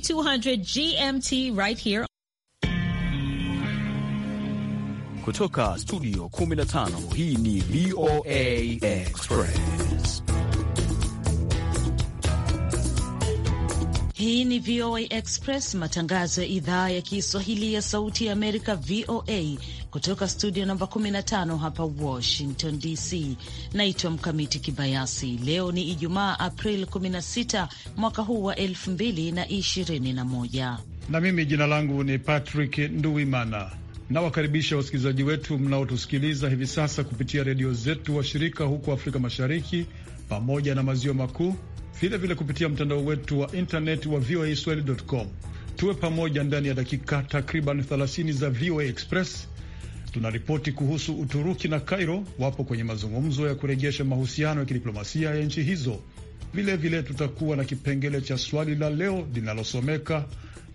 200 GMT right here. Kutoka studio 15 hii ni VOA Express. Hii ni VOA Express matangazo ya idhaa ya Kiswahili ya sauti ya Amerika VOA kutoka studio namba 15 hapa Washington DC, naitwa Mkamiti Kibayasi. Leo ni Ijumaa, April 16 mwaka huu wa 2021, na mimi jina langu ni Patrick Nduwimana. Nawakaribisha wasikilizaji wetu mnaotusikiliza hivi sasa kupitia redio zetu washirika huko Afrika Mashariki pamoja na maziwa makuu, vilevile kupitia mtandao wetu wa intaneti wa voaswahili.com. Tuwe pamoja ndani ya dakika takriban 30 za VOA Express Tunaripoti kuhusu Uturuki na cairo wapo kwenye mazungumzo ya kurejesha mahusiano ya kidiplomasia ya nchi hizo. Vilevile tutakuwa na kipengele cha swali la leo linalosomeka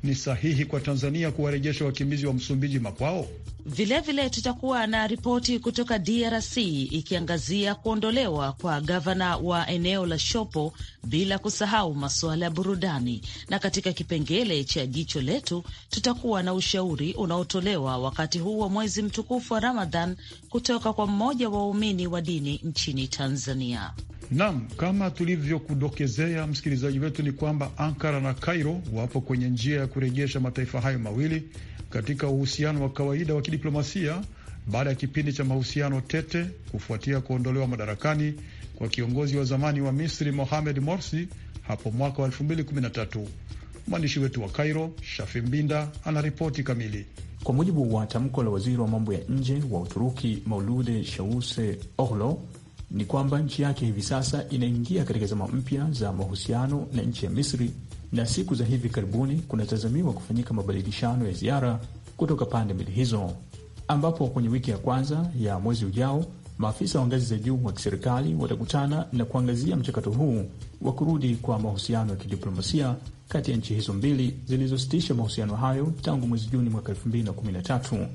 ni sahihi kwa Tanzania kuwarejesha wakimbizi wa Msumbiji makwao? Vilevile tutakuwa na ripoti kutoka DRC ikiangazia kuondolewa kwa gavana wa eneo la Shopo, bila kusahau masuala ya burudani, na katika kipengele cha jicho letu tutakuwa na ushauri unaotolewa wakati huu wa mwezi mtukufu wa Ramadhan kutoka kwa mmoja wa waumini wa dini nchini Tanzania. Naam, kama tulivyokudokezea msikilizaji wetu, ni kwamba Ankara na cairo wapo kwenye njia ya kurejesha mataifa hayo mawili katika uhusiano wa kawaida wa kidiplomasia baada ya kipindi cha mahusiano tete kufuatia kuondolewa madarakani kwa kiongozi wa zamani wa Misri Mohamed Morsi hapo mwaka wa 2013. Mwandishi wetu wa Cairo Shafi Mbinda, anaripoti kamili. Kwa mujibu wa tamko la waziri wa mambo ya nje wa Uturuki Maulude Shause Oglo ni kwamba nchi yake hivi sasa inaingia katika zama mpya za mahusiano na nchi ya Misri, na siku za hivi karibuni kunatazamiwa kufanyika mabadilishano ya ziara kutoka pande mbili hizo, ambapo kwenye wiki ya kwanza ya mwezi ujao maafisa wa ngazi za juu wa kiserikali watakutana na kuangazia mchakato huu wa kurudi kwa mahusiano ya kidiplomasia kati ya nchi hizo mbili zilizositisha mahusiano hayo tangu mwezi Juni mwaka 2013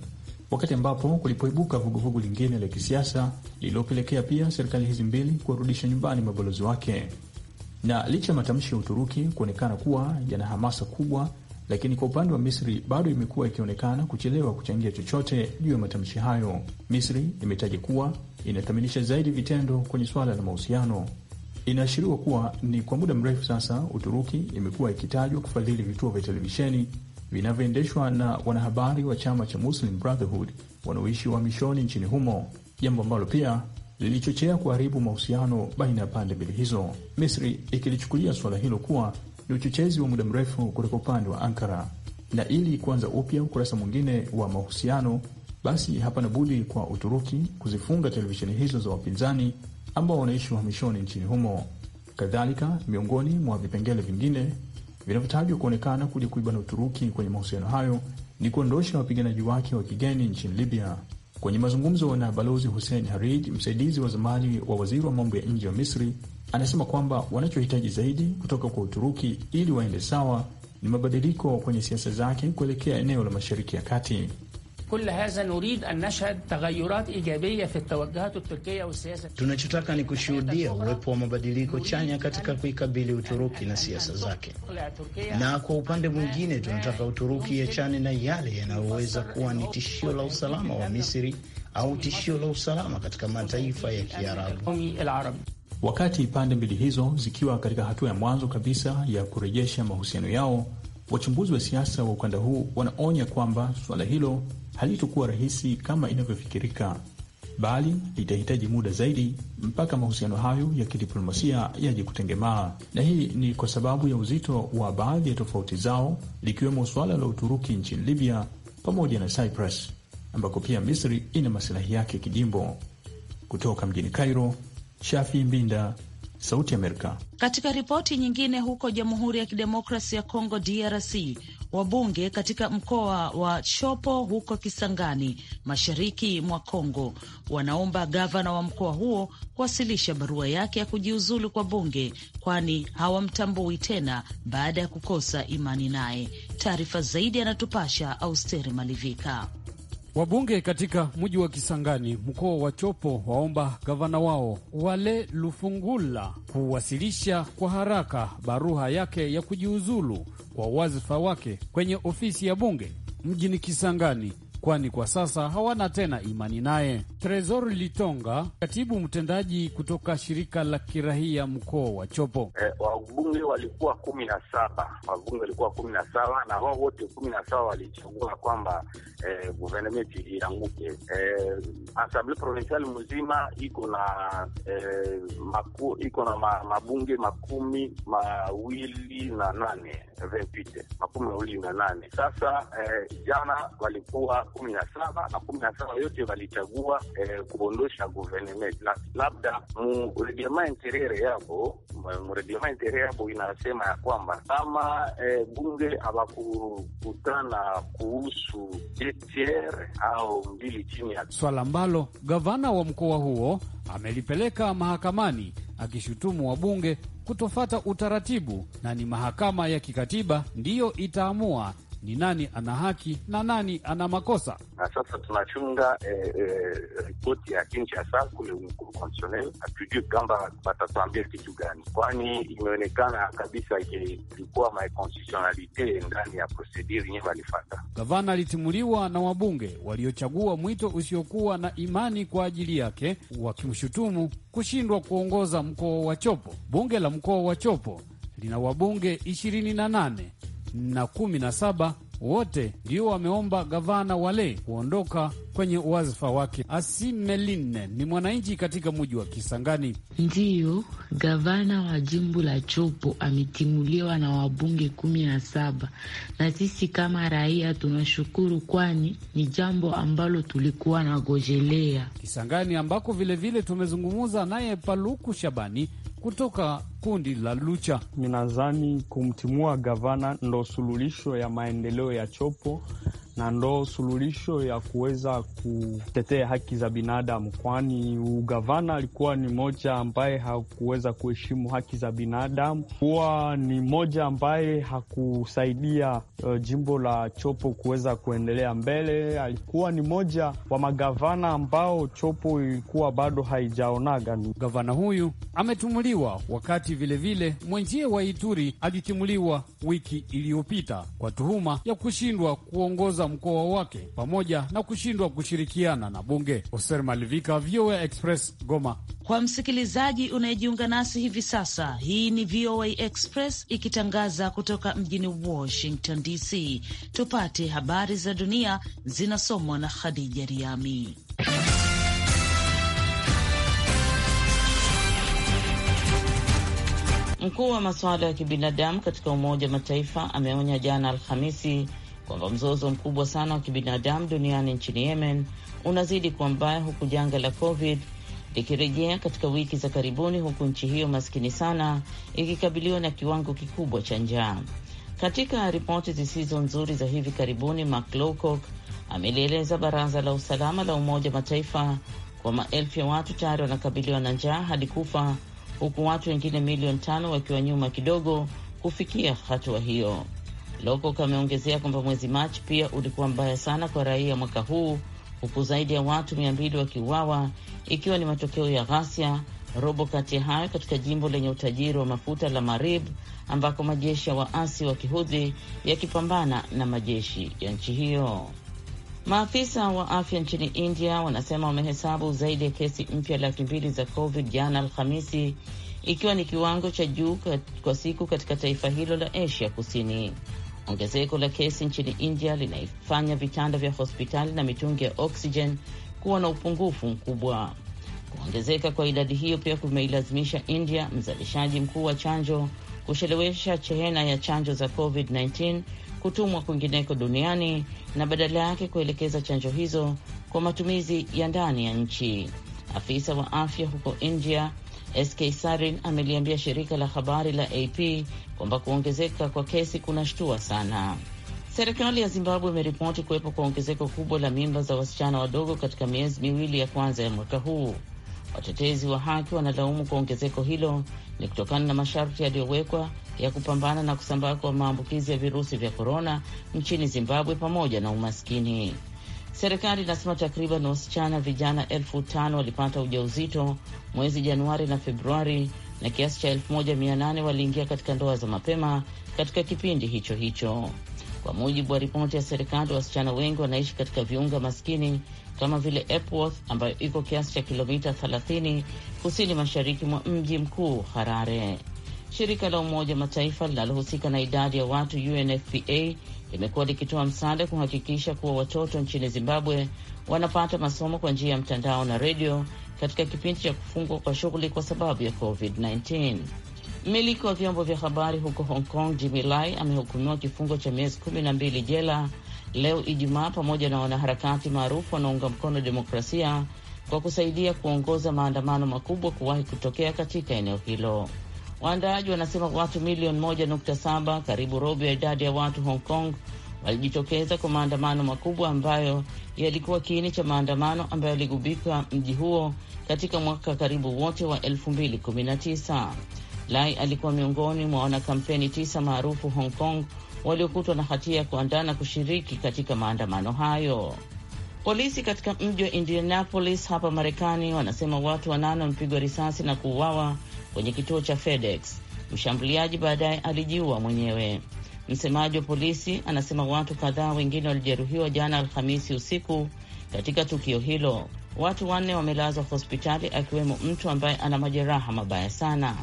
wakati ambapo kulipoibuka vuguvugu lingine la kisiasa lililopelekea pia serikali hizi mbili kuwarudisha nyumbani mabalozi wake. Na licha ya matamshi ya Uturuki kuonekana kuwa yana hamasa kubwa, lakini kwa upande wa Misri bado imekuwa ikionekana kuchelewa kuchangia chochote juu ya matamshi hayo. Misri imetaja kuwa inathaminisha zaidi vitendo kwenye suala la mahusiano. Inaashiriwa kuwa ni kwa muda mrefu sasa Uturuki imekuwa ikitajwa kufadhili vituo vya televisheni vinavyoendeshwa na wanahabari wa chama cha Muslim Brotherhood wanaoishi uhamishoni nchini humo, jambo ambalo pia lilichochea kuharibu mahusiano baina ya pande mbili hizo, Misri ikilichukulia suala hilo kuwa ni uchochezi wa muda mrefu kutoka upande wa Ankara. Na ili kuanza upya ukurasa mwingine wa mahusiano, basi hapana budi kwa Uturuki kuzifunga televisheni hizo za wapinzani ambao wanaishi uhamishoni nchini humo. Kadhalika, miongoni mwa vipengele vingine vinavyotajwa kuonekana kuja kuiba na Uturuki kwenye mahusiano hayo ni kuondosha wapiganaji wake wa kigeni nchini Libya. Kwenye mazungumzo na Balozi Hussein Harid, msaidizi wa zamani wa waziri wa mambo ya nje wa Misri, anasema kwamba wanachohitaji zaidi kutoka kwa Uturuki ili waende sawa ni mabadiliko kwenye siasa zake kuelekea eneo la Mashariki ya Kati. كل هذا نريد أن نشهد تغيرات إيجابية في التوجهات التركية والسياسة. Tunachotaka ni kushuhudia uwepo wa mabadiliko chanya katika kuikabili Uturuki na siasa zake, na kwa upande mwingine tunataka Uturuki iachane na yale yanayoweza kuwa ni tishio la usalama wa Misri au tishio la usalama katika mataifa ya Kiarabu. Wakati pande mbili hizo zikiwa katika hatua ya mwanzo kabisa ya kurejesha mahusiano yao Wachambuzi wa siasa wa ukanda huu wanaonya kwamba suala hilo halitokuwa rahisi kama inavyofikirika, bali litahitaji muda zaidi mpaka mahusiano hayo ya kidiplomasia yaje kutengemaa, na hii ni kwa sababu ya uzito wa baadhi ya tofauti zao, likiwemo suala la Uturuki nchini Libya pamoja na Cyprus ambako pia Misri ina masilahi yake kijimbo. Kutoka mjini Cairo, Shafi Mbinda, Sauti Amerika. Katika ripoti nyingine, huko Jamhuri ya Kidemokrasi ya Kongo DRC, wabunge katika mkoa wa Chopo huko Kisangani, mashariki mwa Kongo, wanaomba gavana wa mkoa huo kuwasilisha barua yake ya kujiuzulu kwa bunge, kwani hawamtambui tena baada ya kukosa imani naye. Taarifa zaidi anatupasha Austeri Malivika. Wabunge katika mji wa Kisangani, mkoa wa Chopo, waomba gavana wao Wale Lufungula kuwasilisha kwa haraka barua yake ya kujiuzulu kwa wadhifa wake kwenye ofisi ya bunge mjini Kisangani, kwani kwa sasa hawana tena imani naye. Tresor Litonga, katibu mtendaji kutoka shirika la kirahia mkoa wa Chopo. Eh, wabunge walikuwa kumi na saba wabunge walikuwa kumi na saba na wao wote kumi na saba walichagua kwamba eh, government ilianguke. Eh, Assemblee provincial mzima iko na eh, maku, iko na ma, mabunge makumi mawili na nane vepite makumi mawili na nane. Sasa eh, jana walikuwa kumi na saba na kumi na saba yote walichagua eh, kuondosha government na labda mrejema interiere yabo mrejema interiere yabo inasema ya kwamba kama eh, bunge hawakukutana kuhusu tiere au mbili chini ya swala ambalo gavana wa mkoa huo amelipeleka mahakamani akishutumu wabunge kutofata utaratibu na ni mahakama ya kikatiba ndiyo itaamua ni nani ana haki na nani ana makosa. Na sasa tunachunga eh, eh, ripoti ya Kinshasa kule mkuu konsolel, hatujui kwamba watatuambia kitu gani, kwani imeonekana kabisa ilikuwa makonstitusionalite ndani ya prosediri yenyewe walifata. Gavana alitimuliwa na wabunge waliochagua mwito usiokuwa na imani kwa ajili yake, wakimshutumu kushindwa kuongoza mkoa wa Chopo. Bunge la mkoa wa Chopo lina wabunge ishirini na nane na kumi na saba wote ndio wameomba gavana Wale kuondoka kwenye wadhifa wake. Asimeline ni mwananchi katika muji wa Kisangani. Ndiyo gavana wa jimbo la Chopo ametimuliwa na wabunge kumi na saba, na sisi kama raia tunashukuru, kwani ni jambo ambalo tulikuwa na gojelea Kisangani, ambako vilevile tumezungumuza naye Paluku Shabani kutoka kundi la Lucha. Ninadhani kumtimua gavana ndo suluhisho ya maendeleo ya Chopo na ndo suluhisho ya kuweza kutetea haki za binadamu, kwani ugavana alikuwa ni moja ambaye hakuweza kuheshimu haki za binadamu, kuwa ni moja ambaye hakusaidia uh, jimbo la Chopo kuweza kuendelea mbele. Alikuwa ni moja wa magavana ambao Chopo ilikuwa bado haijaonaga. Gavana huyu ametumuliwa, wakati vilevile mwenzie wa Ituri alitimuliwa wiki iliyopita kwa tuhuma ya kushindwa kuongoza kuongoza mkoa wake pamoja na kushindwa kushirikiana na bunge. Hoser Malivika, VOA Express, Goma. Kwa msikilizaji unayejiunga nasi hivi sasa, hii ni VOA Express ikitangaza kutoka mjini Washington DC. Tupate habari za dunia zinasomwa na Khadija Riami. Mkuu wa masuala ya kibinadamu katika Umoja wa Mataifa ameonya jana Alhamisi kwamba mzozo mkubwa sana wa kibinadamu duniani nchini Yemen unazidi kuwa mbaya, huku janga la COVID likirejea katika wiki za karibuni, huku nchi hiyo maskini sana ikikabiliwa na kiwango kikubwa cha njaa. Katika ripoti zisizo nzuri za hivi karibuni, Mark Lowcock amelieleza Baraza la Usalama la Umoja Mataifa kwa maelfu ya watu tayari wanakabiliwa na njaa hadi kufa, huku watu wengine milioni tano wakiwa nyuma kidogo kufikia hatua hiyo. Lowcock ameongezea kwamba mwezi Machi pia ulikuwa mbaya sana kwa raia mwaka huu, huku zaidi ya watu mia mbili wakiuawa ikiwa ni matokeo ya ghasia. Robo kati ya hayo katika jimbo lenye utajiri wa mafuta la Marib, ambako majeshi ya waasi wa kihudhi yakipambana na majeshi ya nchi hiyo. Maafisa wa afya nchini India wanasema wamehesabu zaidi ya kesi mpya laki mbili za COVID jana Alhamisi, ikiwa ni kiwango cha juu kwa siku katika taifa hilo la Asia Kusini. Ongezeko la kesi nchini India linaifanya vitanda vya hospitali na mitungi ya oksijen kuwa na upungufu mkubwa. Kuongezeka kwa idadi hiyo pia kumeilazimisha India, mzalishaji mkuu wa chanjo, kuchelewesha shehena ya chanjo za COVID-19 kutumwa kwingineko duniani na badala yake kuelekeza chanjo hizo kwa matumizi ya ndani ya nchi. Afisa wa afya huko India SK Sarin ameliambia shirika la habari la AP kwamba kuongezeka kwa kesi kunashtua sana. Serikali ya Zimbabwe imeripoti kuwepo kwa ongezeko kubwa la mimba za wasichana wadogo katika miezi miwili ya kwanza ya mwaka huu. Watetezi wa haki wanalaumu kwa ongezeko hilo ni kutokana na masharti yaliyowekwa ya kupambana na kusambaa kwa maambukizi ya virusi vya korona nchini Zimbabwe pamoja na umaskini. Serikali inasema takriban wasichana vijana elfu tano walipata ujauzito mwezi Januari na Februari na kiasi cha elfu moja mia nane waliingia katika ndoa za mapema katika kipindi hicho hicho. Kwa mujibu wa ripoti ya serikali, wasichana wengi wanaishi katika viunga maskini kama vile Epworth ambayo iko kiasi cha kilomita 30 kusini mashariki mwa mji mkuu Harare. Shirika la Umoja Mataifa linalohusika na idadi ya watu UNFPA limekuwa likitoa msaada kuhakikisha kuwa watoto nchini Zimbabwe wanapata masomo kwa njia ya mtandao na redio katika kipindi cha kufungwa kwa shughuli kwa sababu ya COVID-19. Mmiliki wa vyombo vya habari huko Hong Kong, Jimmy Lai, amehukumiwa kifungo cha miezi kumi na mbili jela leo Ijumaa, pamoja na wanaharakati maarufu wanaunga mkono demokrasia kwa kusaidia kuongoza maandamano makubwa kuwahi kutokea katika eneo hilo. Waandaaji wanasema watu milioni moja nukta saba, karibu robo ya idadi ya watu Hong Kong, walijitokeza kwa maandamano makubwa ambayo yalikuwa kiini cha maandamano ambayo yaligubika mji huo katika mwaka karibu wote wa 2019. Lai alikuwa miongoni mwa wanakampeni tisa maarufu Hong Kong waliokutwa na hatia ya kuandaa na kushiriki katika maandamano hayo. Polisi katika mji wa Indianapolis hapa Marekani wanasema watu wanane wamepigwa risasi na kuuawa kwenye kituo cha FedEx. Mshambuliaji baadaye alijiua mwenyewe. Msemaji wa polisi anasema watu kadhaa wengine walijeruhiwa jana Alhamisi usiku katika tukio hilo. Watu wanne wamelazwa hospitali akiwemo mtu ambaye ana majeraha mabaya sana.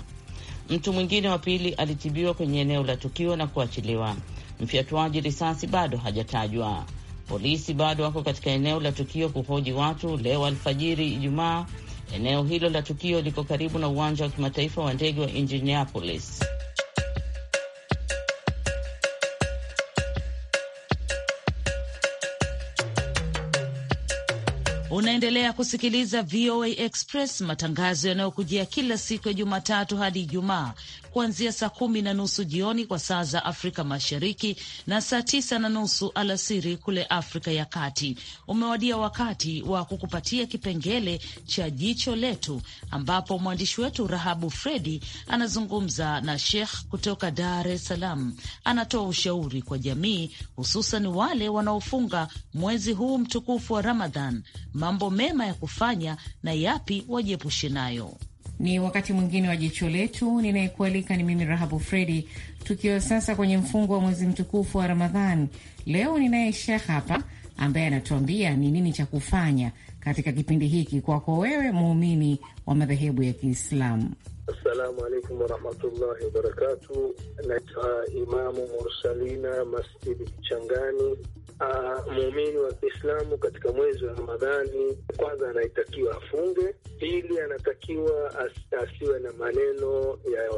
Mtu mwingine wa pili alitibiwa kwenye eneo la tukio na kuachiliwa. Mfyatuaji risasi bado hajatajwa. Polisi bado wako katika eneo la tukio kuhoji watu leo alfajiri Ijumaa Eneo hilo la tukio liko karibu na uwanja wa kimataifa wa ndege wa Indianapolis. Unaendelea kusikiliza VOA Express, matangazo yanayokujia kila siku ya Jumatatu hadi Ijumaa kuanzia saa kumi na nusu jioni kwa saa za Afrika Mashariki na saa tisa na nusu alasiri kule Afrika ya Kati. Umewadia wakati wa kukupatia kipengele cha Jicho Letu, ambapo mwandishi wetu Rahabu Fredi anazungumza na Sheikh kutoka Dar es Salaam. Anatoa ushauri kwa jamii, hususan wale wanaofunga mwezi huu mtukufu wa Ramadhan. Mambo mambo mema ya kufanya na yapi wajiepushe nayo. Ni wakati mwingine wa jicho letu. Ninayekualika ni mimi Rahabu Fredi, tukiwa sasa kwenye mfungo wa mwezi mtukufu wa Ramadhani. Leo ninaye Shekh hapa ambaye anatuambia ni nini cha kufanya katika kipindi hiki kwako wewe muumini wa madhehebu ya Kiislamu. Assalamu alaikum warahmatullahi wabarakatu. Naitwa Imamu Mursalina Masjidi Kichangani, ah, muumini wa Kiislamu katika mwezi wa Ramadhani. Kwanza anaitakiwa afunge, pili anatakiwa as, asiwe na maneno ya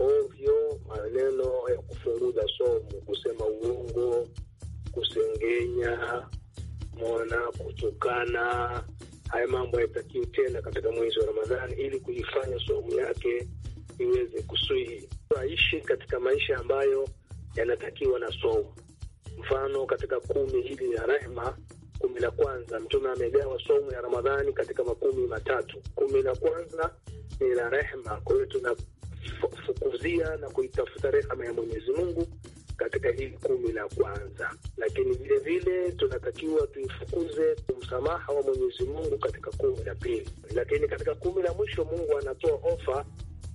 ovyo, maneno ya kufunguza somu, kusema uongo, kusengenya, mona, kutukana haya mambo hayatakiwi tena katika mwezi wa Ramadhani ili kuifanya saumu yake iweze kuswihi, aishi katika maisha ambayo yanatakiwa na saumu. Mfano, katika kumi hili la rehma, kumi la kwanza, Mtume amegawa saumu ya Ramadhani katika makumi matatu. Kumi la kwanza ni la rehma, kwa hiyo tunafukuzia na kuitafuta rehma ya Mwenyezi Mungu katika hili kumi la kwanza, lakini vilevile tunatakiwa tuifukuze msamaha wa Mwenyezi Mungu katika kumi la pili, lakini katika kumi la mwisho Mungu anatoa ofa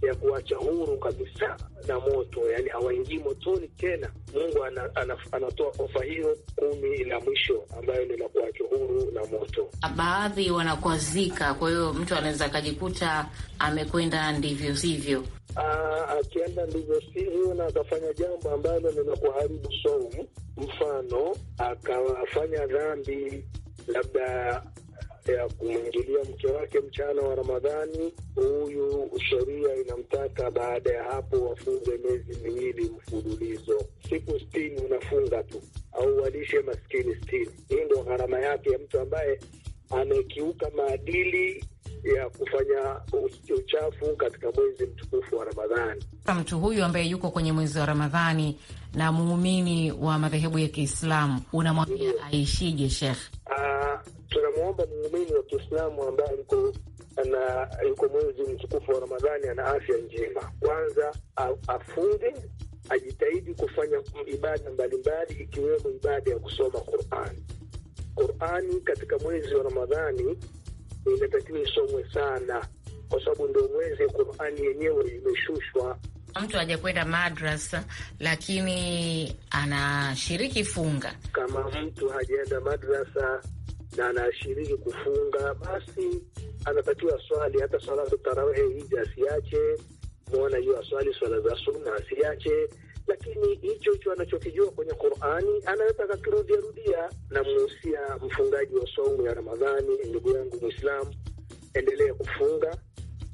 ya kuacha huru kabisa na moto, yani hawaingii motoni tena. Mungu ana, ana, anatoa ofa hiyo kumi la mwisho ambayo ni la kuacha huru na moto. Baadhi wanakwazika, kwa hiyo mtu anaweza akajikuta amekwenda ndivyo sivyo ah, akienda ndivyo sivyo, na akafanya jambo ambalo lina kuharibu saumu. Mfano, akafanya dhambi labda ya kumwingilia mke wake mchana wa Ramadhani, huyu sheria inamtaka baada ya hapo wafunge miezi miwili mfululizo, siku sitini unafunga tu, au walishe maskini sitini. Hii ndo gharama yake ya mtu ambaye amekiuka maadili ya kufanya uchafu katika mwezi mtukufu wa Ramadhani. Mtu huyu ambaye yuko kwenye mwezi wa Ramadhani na muumini wa madhehebu ya Kiislamu, unamwambia aishije, Shekh? Ah, tunamwomba muumini wa Kiislamu ambaye alikuwa na yuko mwezi mtukufu wa Ramadhani ana afya njema, kwanza afunge, ajitahidi kufanya ibada mbalimbali, ikiwemo ibada ya kusoma Qurani. Qurani katika mwezi wa Ramadhani inatakiwa isomwe sana, kwa sababu ndio mwezi Qurani yenyewe imeshushwa. Mtu kwenda madrasa lakini anashiriki funga. Kama mtu hajaenda madrasa na anashiriki kufunga, basi anatakiwa swali hata swala za tarawehe hizi asiache, mona hiyo aswali swala za sunna asiache, lakini hicho hicho anachokijua kwenye Qur'ani anaweza akakirudia rudia. Namuhusia mfungaji wa somu ya Ramadhani, ndugu yangu Muislamu, endelee kufunga,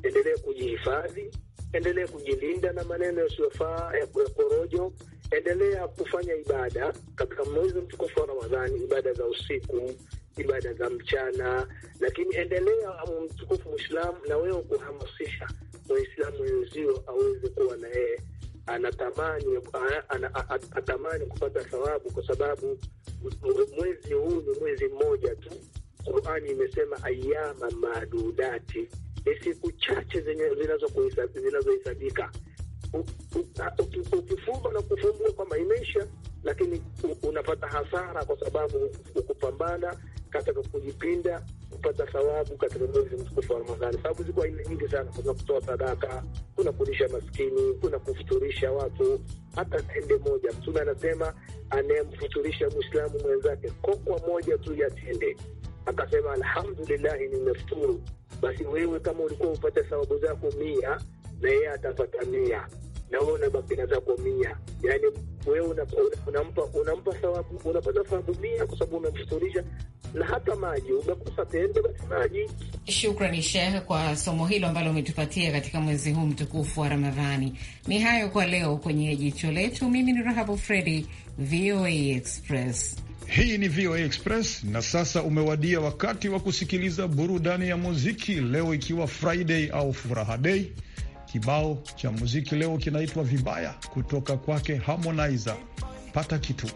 endelee kujihifadhi, endelee kujilinda na maneno yasiyofaa ya korojo endelea kufanya ibada katika mwezi mtukufu wa Ramadhani, ibada za usiku, ibada za mchana, lakini endelea mtukufu mwislamu na wewe kuhamasisha Waislamu wenzio aweze kuwa na yeye anatamani atamani kupata thawabu, kwa sababu mwezi huu ni mwezi mmoja tu. Qurani imesema ayama maadudati, ni siku chache zenye zinazohesabika ukifunga na kufumbua kwamba imeisha, lakini unapata hasara, kwa sababu ukupambana katika kujipinda kupata thawabu katika mwezi mtukufu wa Ramadhani. Sababu ziko aina nyingi sana, kuna kutoa sadaka, kuna kulisha maskini, kuna kufuturisha watu. Hata tende moja, Mtume anasema anayemfuturisha mwislamu mwenzake kokwa moja tu ya tende akasema alhamdulillahi, nimefuturu, basi wewe kama ulikuwa upate thawabu zako mia na yeye atapata mia na wewe unabaki na zako mia. Yani wewe unampa una, unampa thawabu, unapata thawabu mia kwa sababu umemfuturisha na hata maji umekosa tende basi maji. Shukrani Sheikh kwa somo hilo ambalo umetupatia katika mwezi huu mtukufu wa Ramadhani. Ni hayo kwa leo kwenye jicho letu. Mimi ni Rahabu Fredi, VOA Express. Hii ni VOA Express na sasa umewadia wakati wa kusikiliza burudani ya muziki leo, ikiwa Friday au furaha dei Kibao cha muziki leo kinaitwa Vibaya kutoka kwake Harmonizer. Pata kitu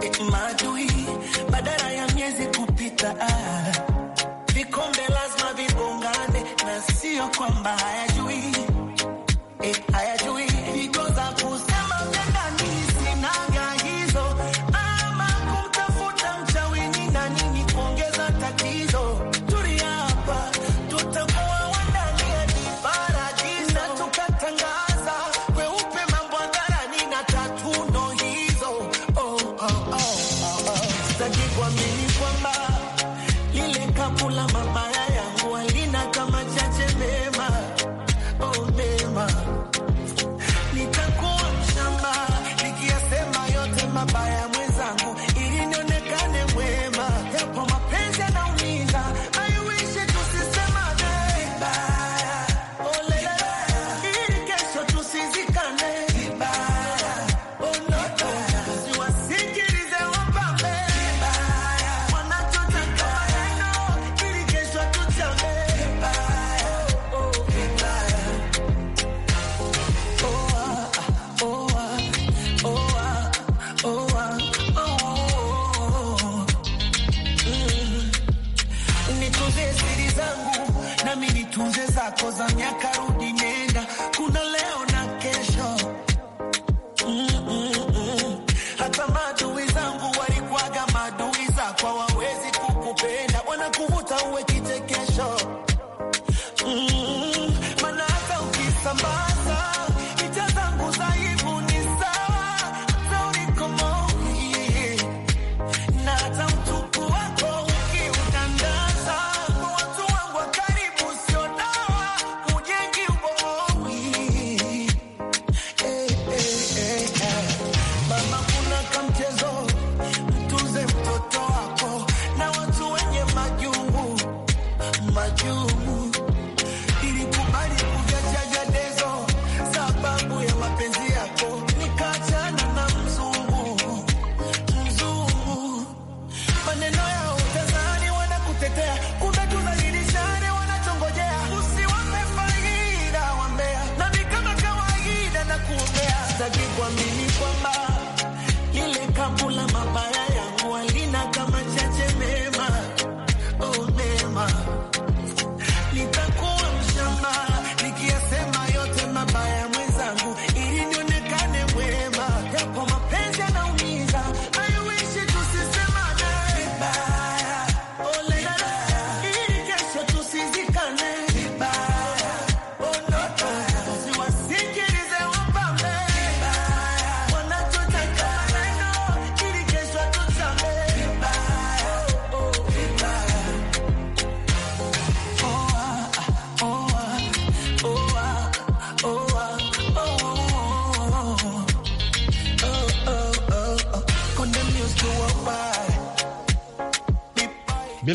eh, maadui badala ya miezi kupita. Ah. sio kwamba haya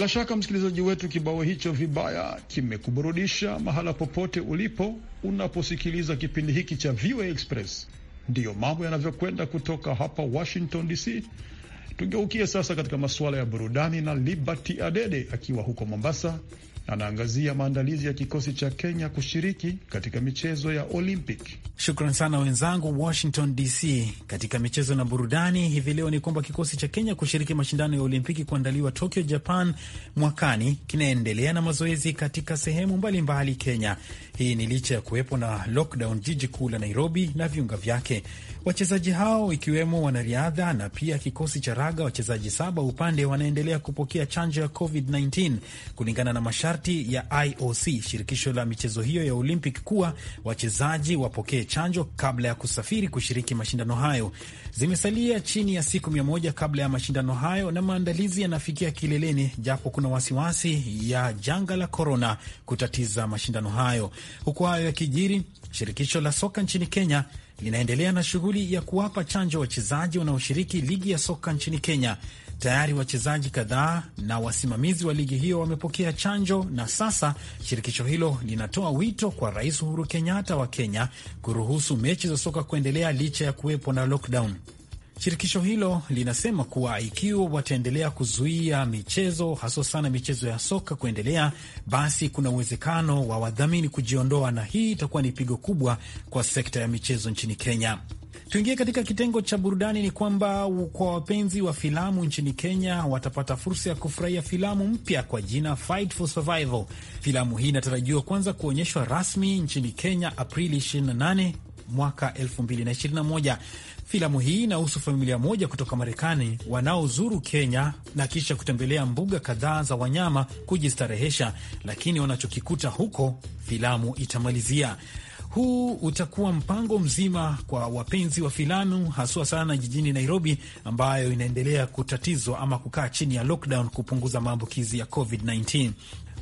Bila shaka msikilizaji wetu, kibao hicho vibaya kimekuburudisha mahala popote ulipo unaposikiliza kipindi hiki cha VOA Express. Ndiyo mambo yanavyokwenda kutoka hapa Washington DC. Tugeukie sasa katika masuala ya burudani na Liberty Adede akiwa huko Mombasa anaangazia maandalizi ya kikosi cha Kenya kushiriki katika michezo ya Olympic. Shukran sana wenzangu Washington DC. Katika michezo na burudani hivi leo ni kwamba kikosi cha Kenya kushiriki mashindano ya Olimpiki kuandaliwa Tokyo, Japan mwakani kinaendelea na mazoezi katika sehemu mbalimbali mbali Kenya. Hii ni licha ya kuwepo na lockdown jiji kuu la Nairobi na viunga vyake. Wachezaji hao ikiwemo wanariadha na pia kikosi cha raga, wachezaji saba upande wanaendelea kupokea chanjo ya COVID-19 kulingana na mashara masharti ya IOC, shirikisho la michezo hiyo ya Olympic, kuwa wachezaji wapokee chanjo kabla ya kusafiri kushiriki mashindano hayo. Zimesalia chini ya siku mia moja kabla ya mashindano hayo na maandalizi yanafikia kileleni, japo kuna wasiwasi ya janga la korona kutatiza mashindano hayo. Huku hayo yakijiri, shirikisho la soka nchini Kenya linaendelea na shughuli ya kuwapa chanjo wachezaji wanaoshiriki ligi ya soka nchini Kenya. Tayari wachezaji kadhaa na wasimamizi wa ligi hiyo wamepokea chanjo, na sasa shirikisho hilo linatoa wito kwa Rais Uhuru Kenyatta wa Kenya kuruhusu mechi za soka kuendelea licha ya kuwepo na lockdown. Shirikisho hilo linasema kuwa ikiwa wataendelea kuzuia michezo haswa sana michezo ya soka kuendelea, basi kuna uwezekano wa wadhamini kujiondoa, na hii itakuwa ni pigo kubwa kwa sekta ya michezo nchini Kenya. Tuingie katika kitengo cha burudani. Ni kwamba kwa wapenzi wa filamu nchini Kenya watapata fursa ya kufurahia filamu mpya kwa jina Fight for Survival. Filamu hii inatarajiwa kwanza kuonyeshwa rasmi nchini Kenya Aprili 28 mwaka 2021. Filamu hii inahusu familia moja kutoka Marekani wanaozuru Kenya na kisha kutembelea mbuga kadhaa za wanyama kujistarehesha, lakini wanachokikuta huko filamu itamalizia huu utakuwa mpango mzima kwa wapenzi wa filamu haswa sana jijini Nairobi, ambayo inaendelea kutatizwa ama kukaa chini ya lockdown kupunguza maambukizi ya COVID-19.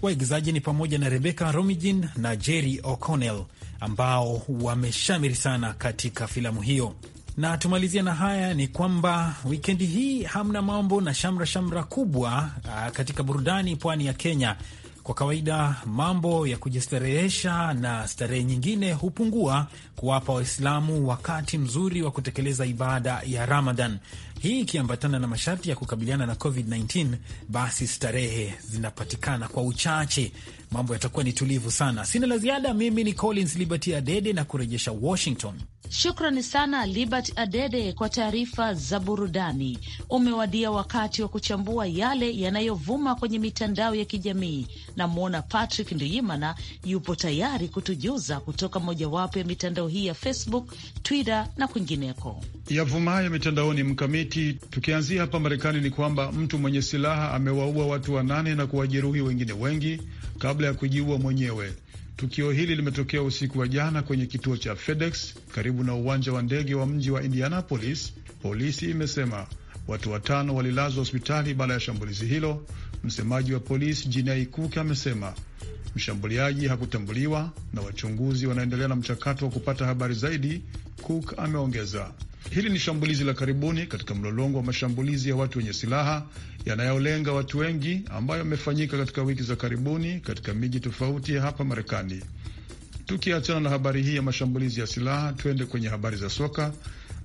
Waigizaji ni pamoja na Rebecca Romijn na Jerry O'Connell ambao wameshamiri sana katika filamu hiyo na tumalizia na haya ni kwamba wikendi hii hamna mambo na shamra shamra kubwa katika burudani pwani ya Kenya kwa kawaida mambo ya kujistarehesha na starehe nyingine hupungua kuwapa Waislamu wakati mzuri wa kutekeleza ibada ya ramadan hii ikiambatana na masharti ya kukabiliana na COVID-19, basi starehe zinapatikana kwa uchache, mambo yatakuwa ni tulivu sana. Sina la ziada. Mimi ni Collins Liberty Adede na kurejesha Washington. Shukrani sana Libert Adede kwa taarifa za burudani. Umewadia wakati wa kuchambua yale yanayovuma kwenye mitandao ya kijamii. Namwona Patrick Nduyimana yupo tayari kutujuza kutoka mojawapo ya mitandao hii ya Facebook, Twitter na kwingineko yavumayo mitandaoni. Mkamiti, tukianzia hapa Marekani ni kwamba mtu mwenye silaha amewaua watu wanane na kuwajeruhi wengine wengi kabla ya kujiua mwenyewe. Tukio hili limetokea usiku wa jana kwenye kituo cha FedEx karibu na uwanja wa ndege wa mji wa Indianapolis. Polisi imesema watu watano walilazwa hospitali baada ya shambulizi hilo. Msemaji wa polisi Jinai Cook amesema mshambuliaji hakutambuliwa na wachunguzi wanaendelea na mchakato wa kupata habari zaidi. Cook ameongeza, hili ni shambulizi la karibuni katika mlolongo wa mashambulizi ya watu wenye silaha yanayolenga watu wengi ambayo yamefanyika katika wiki za karibuni katika miji tofauti ya hapa Marekani. Tukiachana na habari hii ya mashambulizi ya silaha, twende kwenye habari za soka.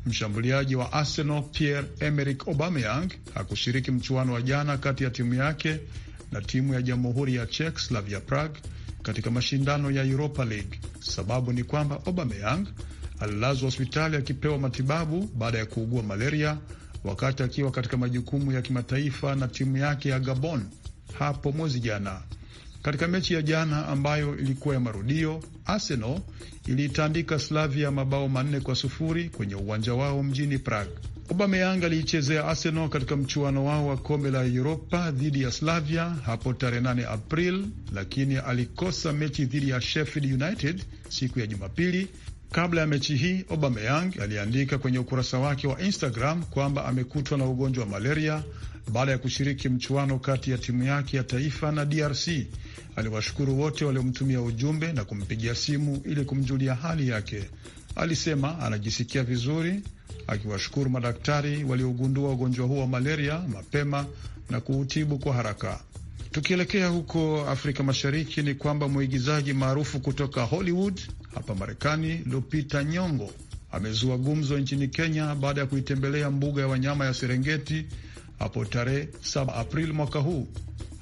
Mshambuliaji wa Arsenal Pierre Emerick Aubameyang hakushiriki mchuano wa jana kati ya timu yake na timu ya jamhuri ya Czech Slavia Prague katika mashindano ya Europa League. Sababu ni kwamba Aubameyang alilazwa hospitali akipewa matibabu baada ya kuugua malaria wakati akiwa katika majukumu ya kimataifa na timu yake ya Gabon hapo mwezi jana. Katika mechi ya jana ambayo ilikuwa ya marudio, Arsenal iliitandika Slavia mabao manne kwa sufuri kwenye uwanja wao mjini Prague. Aubameyang aliichezea Arsenal katika mchuano wao wa kombe la Europa dhidi ya Slavia hapo tarehe 8 April, lakini alikosa mechi dhidi ya Sheffield United siku ya Jumapili Kabla ya mechi hii, Aubameyang aliandika kwenye ukurasa wake wa Instagram kwamba amekutwa na ugonjwa wa malaria baada ya kushiriki mchuano kati ya timu yake ya taifa na DRC. Aliwashukuru wote waliomtumia ujumbe na kumpigia simu ili kumjulia hali yake. Alisema anajisikia vizuri, akiwashukuru madaktari waliogundua ugonjwa huo wa malaria mapema na kuutibu kwa haraka. Tukielekea huko Afrika Mashariki, ni kwamba mwigizaji maarufu kutoka Hollywood hapa Marekani, Lupita Nyong'o amezua gumzo nchini Kenya baada ya kuitembelea mbuga ya wanyama ya Serengeti hapo tarehe 7 Aprili mwaka huu.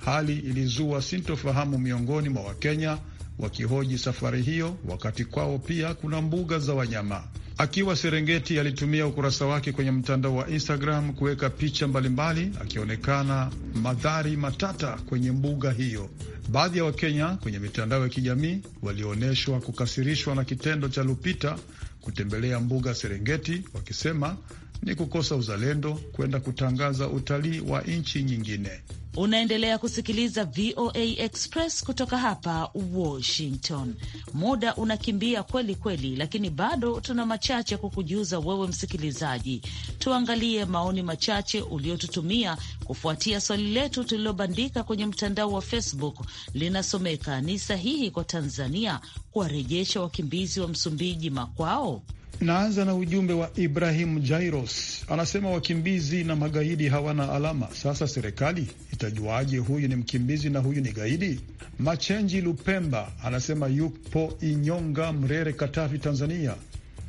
Hali ilizua sintofahamu miongoni mwa Wakenya wakihoji safari hiyo, wakati kwao pia kuna mbuga za wanyama. Akiwa Serengeti, alitumia ukurasa wake kwenye mtandao wa Instagram kuweka picha mbalimbali, akionekana madhari matata kwenye mbuga hiyo. Baadhi ya Wakenya kwenye mitandao ya kijamii walioneshwa kukasirishwa na kitendo cha Lupita kutembelea mbuga Serengeti, wakisema ni kukosa uzalendo kwenda kutangaza utalii wa nchi nyingine. Unaendelea kusikiliza VOA Express kutoka hapa Washington. Muda unakimbia kweli kweli, lakini bado tuna machache kukujuza wewe msikilizaji. Tuangalie maoni machache uliotutumia kufuatia swali letu tulilobandika kwenye mtandao wa Facebook. Linasomeka, ni sahihi kwa Tanzania kuwarejesha wakimbizi wa Msumbiji makwao? Naanza na ujumbe wa Ibrahim Jairos, anasema wakimbizi na magaidi hawana alama. Sasa serikali itajuaje huyu ni mkimbizi na huyu ni gaidi? Machenji Lupemba anasema yupo Inyonga, Mrere, Katavi, Tanzania.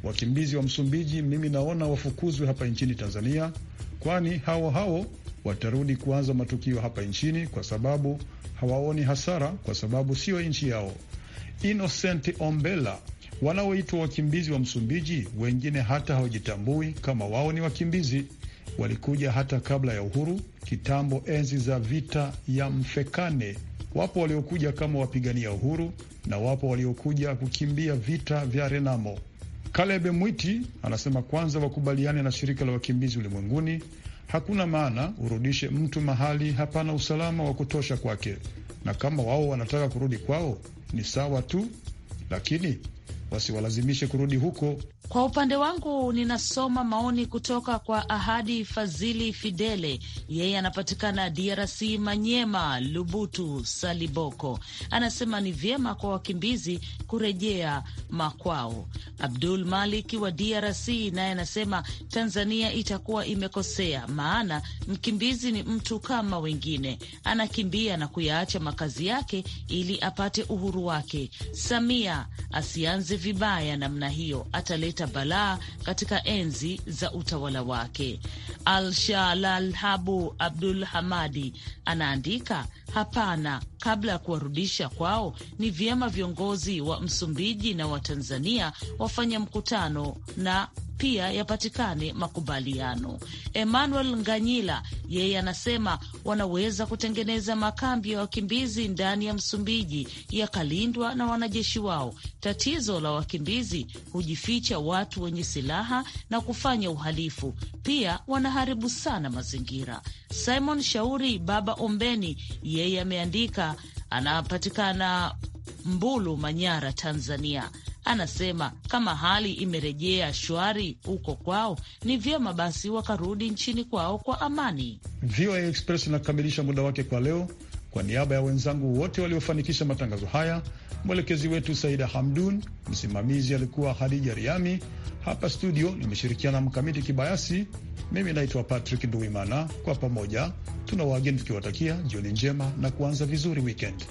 Wakimbizi wa Msumbiji mimi naona wafukuzwe hapa nchini Tanzania, kwani hao hao watarudi kuanza matukio hapa nchini kwa sababu hawaoni hasara, kwa sababu siyo nchi yao. Innocent Ombela wanaoitwa wakimbizi wa Msumbiji, wengine hata hawajitambui kama wao ni wakimbizi. Walikuja hata kabla ya uhuru, kitambo, enzi za vita ya Mfekane. Wapo waliokuja kama wapigania uhuru na wapo waliokuja kukimbia vita vya Renamo. Kalebe Mwiti anasema kwanza wakubaliane na shirika la wakimbizi ulimwenguni. Hakuna maana urudishe mtu mahali hapana usalama wa kutosha kwake, na kama wao wanataka kurudi kwao ni sawa tu, lakini wasiwalazimishe kurudi huko kwa upande wangu ninasoma maoni kutoka kwa Ahadi Fazili Fidele, yeye anapatikana DRC, Manyema, Lubutu, Saliboko. Anasema ni vyema kwa wakimbizi kurejea makwao. Abdul Malik wa DRC naye anasema Tanzania itakuwa imekosea, maana mkimbizi ni mtu kama wengine, anakimbia na kuyaacha makazi yake ili apate uhuru wake. Samia asianze vibaya namna hiyo, ataleta kuleta balaa katika enzi za utawala wake. Al Shalalhabu Abdul Hamadi anaandika Hapana, kabla ya kuwarudisha kwao, ni vyema viongozi wa Msumbiji na wa Tanzania wafanye mkutano na pia yapatikane makubaliano. Emmanuel Nganyila yeye anasema wanaweza kutengeneza makambi ya wakimbizi ndani ya Msumbiji yakalindwa na wanajeshi wao. Tatizo la wakimbizi hujificha watu wenye silaha na kufanya uhalifu, pia wanaharibu sana mazingira. Simon Shauri, baba Ombeni, yeye ameandika, anapatikana Mbulu, Manyara, Tanzania. Anasema kama hali imerejea shwari huko kwao, ni vyema basi wakarudi nchini kwao kwa amani. VOA Express inakamilisha muda wake kwa leo. Kwa niaba ya wenzangu wote waliofanikisha matangazo haya, mwelekezi wetu Saida Hamdun, msimamizi alikuwa Hadija Riami. Hapa studio nimeshirikiana Mkamiti Kibayasi. Mimi naitwa Patrick nduimana Kwa pamoja tuna wageni tukiwatakia jioni njema na kuanza vizuri wikendi.